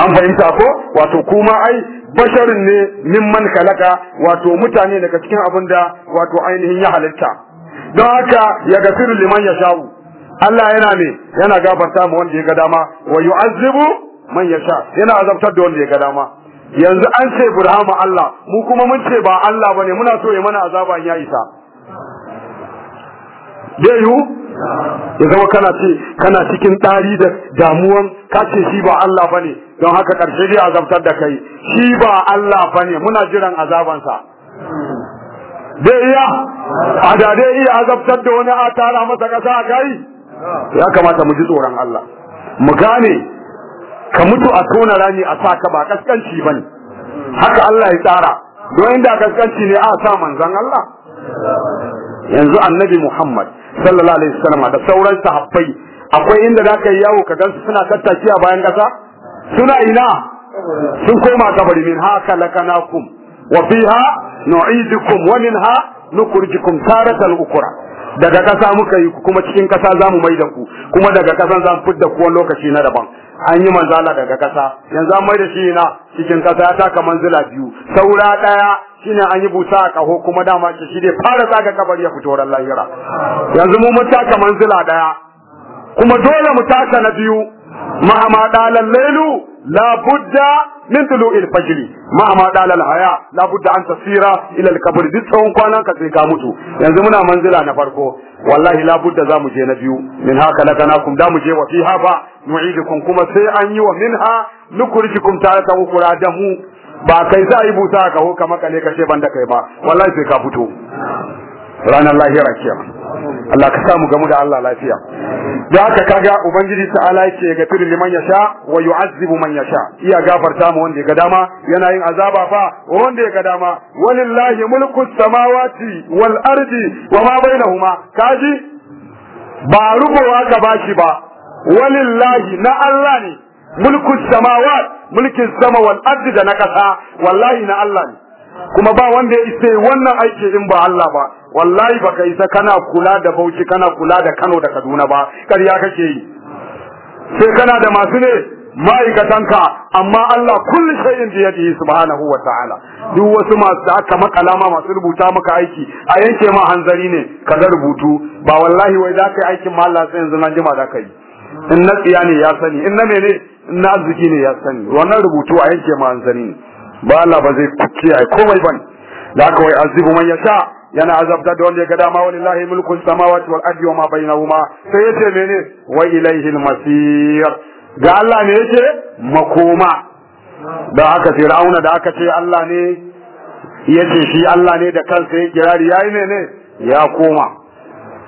an fahimta ko wato kuma ai basharin ne mimman kalaka wato mutane daga cikin abin da wato ainihin ya halitta don haka ya gafiru liman ya sha'u. Allah yana ne yana gafarta ma wanda ya ga dama wa yu'azzibu man yasha yana azabtar da wanda ya ga dama yanzu an ce Ibrahim Allah mu kuma mun ce ba Allah bane muna so ya mana azaba ya isa dai yu ya zama kana ce kana cikin dari da damuwan kace shi ba Allah bane don haka karshe zai azabtar da kai shi ba Allah bane muna jiran azabansa zai iya a da iya azabtar da wani a tara masa kasa a kai ya kamata mu ji tsoron Allah mu gane ka mutu a tona rani a sa ka ba kaskanci bane haka Allah ya tsara don inda kaskanci ne a sa manzon Allah yanzu annabi Muhammad sallallahu alaihi wasallam da sauran sahabbai akwai inda zaka yi yawo ka gansu suna tattakiya bayan kasa suna ina sun koma kabari min haka lakanakum wa fiha nu'idukum wa minha nukhrijukum taratan ukra daga kasa muka yi kuma cikin kasa zamu maida ku kuma daga kasan zamu fitta ku wani lokaci na daban an yi manzala daga kasa yanzu an maida shi ina cikin kasa ya taka manzila biyu saura daya shine an yi busa a kaho kuma dama ce shi dai fara zaga kabari ya fito ran lahira yanzu mu mun taka manzila daya kuma dole mu taka na biyu مهما دال الليل لا بد من طلوع الفجر مهما دال الحياة لا بد أن تسير إلى القبر دي تسون كوانا كتري كاموتو يعني منا منزلا نفرقو والله لا بد زام جي نبيو من هاك لكناكم دام جي وفيها با نعيدكم كما سيئني ومنها نكرجكم تارة أخرى دمو ba kai za a yi busa ka ho kamar ka ne ka ce ban kai ba wallahi sai ka fito ranar lahira kenan Allah ka samu gamu da Allah lafiya da haka kaga ubangiji ta'ala yake ga fir liman yasha wa yu'azzibu man yasha iya gafarta mu wanda ga dama yana yin azaba fa wanda ya ga dama walillahi mulku samawati wal ardi wa ma bainahuma kaji ba rubowa ka bashi ba walillahi na Allah ne mulku samawat mulkin sama wal ardi da na kasa wallahi na Allah ne kuma ba wanda ya isa wannan aiki in ba Allah ba wallahi baka isa kana kula da Bauchi kana kula da Kano da Kaduna ba ƙarya kake yi sai kana da masu ne ma'aikatanka amma Allah kullu shay'in bi yadihi subhanahu wa ta'ala duk wasu masu da aka makala ma masu rubuta maka aiki a yanke ma hanzari ne kaza rubutu ba wallahi wai za ka yi aikin ma Allah sai yanzu nan jima za ka yi in na ya sani in na mene in na arziki ne ya sani wannan rubutu a yanke ma hanzari ne ba Allah ba zai kuce ai komai bane da aka wai azibu man yasha yana azabta da wanda ya gada ma walillahi mulkun samawati wal ardi wa ma bainahuma sai yace mene wa ilaihi masir ga Allah ne yace makoma da haka rauna da aka ce Allah ne yace shi Allah ne da kansa ya kirari yayi mene ya koma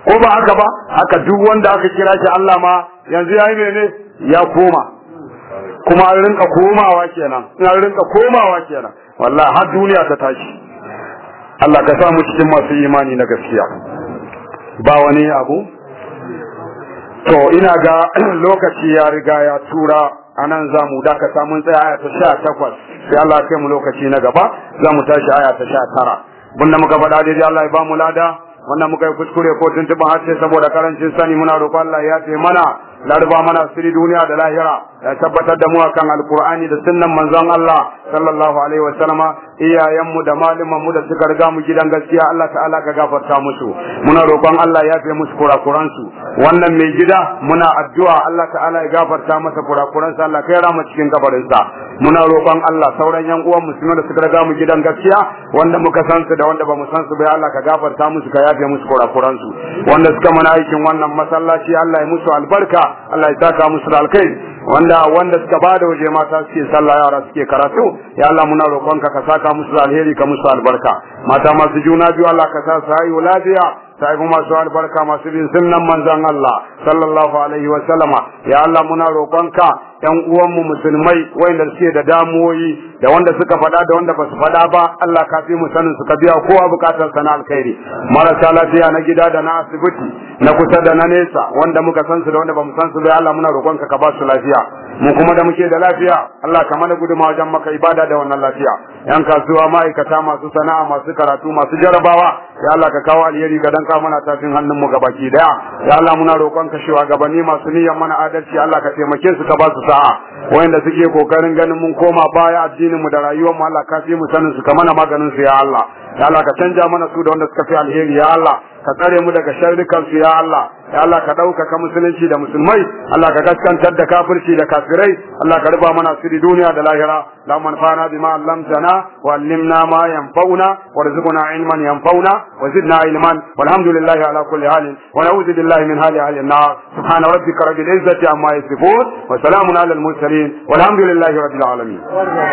ko ba haka ba haka duk wanda aka kira shi Allah ma yanzu yayi mene ya koma kuma an rinka komawa kenan in an rinka komawa kenan wallahi har duniya ta tashi Allah ka sa mu cikin masu imani na gaskiya ba wani abu to ina ga lokaci ya riga ya tura anan za mu dakata mun tsaya aya ta sha takwas sai Allah ya kai mu lokaci na gaba za mu tashi aya ta sha tara bunda muka faɗa daidai Allah ya ba mu lada wannan muka yi kuskure ko har sai saboda karancin sani muna roƙon Allah ya taimana. mana larba mana siri duniya da lahira ya tabbatar da mu akan alqur'ani da sunnan manzon Allah sallallahu alaihi wa sallama iyayenmu da malaman mu da suka riga mu gidan gaskiya Allah ta'ala ka gafarta musu muna roƙon Allah ya fi musu kurakuran su wannan mai gida muna addu'a Allah ta'ala ya gafarta masa kurakuran sa Allah kai rama cikin kabarin sa muna roƙon Allah sauran yan uwan musulmi da suka riga mu gidan gaskiya wanda muka san su da wanda ba mu san su ba Allah ka gafarta musu ka yafe musu kurakuran su wanda suka mana aikin wannan masallaci Allah ya musu albarka Allah ya saka musu da alkai wanda wanda suka bada waje mata suke sallah yara suke karatu ya Allah muna roƙonka ka saka musu da alheri ka musu albarka mata masu juna biyu Allah ka sa su haihu lafiya sai kuma su albarka masu bin sunnan manzon Allah sallallahu alaihi wa sallama ya Allah muna roƙonka ɗan uwanmu musulmai wanda suke da damuwoyi da wanda suka faɗa da wanda ba su faɗa ba Allah ka fi mu sanin suka biya kowa bukatar sana alkhairi marasa lafiya na gida da na asibiti na kusa da na nesa wanda muka san su da wanda ba mu san su ba Allah muna roƙonka ka ba su lafiya mu kuma da muke da lafiya Allah ka mana guduma wajen maka ibada da wannan lafiya yan kasuwa ma'aikata masu sana'a masu karatu masu jarabawa ya Allah ka kawo alheri ga dan ka mana tafin hannun mu gabaki daya ya Allah muna roƙon ka shiwa ni masu niyyar mana adalci Allah ka taimake su ka ba su sa'a wanda suke kokarin ganin mun koma baya addinin mu da rayuwar mu Allah ka fi mu sanin su ka mana maganin su ya Allah ya Allah ka canja mana su da wanda suka fi alheri ya Allah ka tsare mu daga sharrikan su ya Allah ya Allah ka ɗaukaka musulunci da musulmai Allah ka gaskantar da kafirci da kafirai Allah ka rufa mana asiri duniya da lahira la manfa'ana bima allamtana wa allimna ma yanfa'una warzuqna ilman yanfa'una wa zidna ilman walhamdulillahi ala kulli halin wa na'udzu billahi min hali ahli an-nar subhana rabbika rabbil izzati amma yasifun wa salamun ala al-mursalin walhamdulillahi rabbil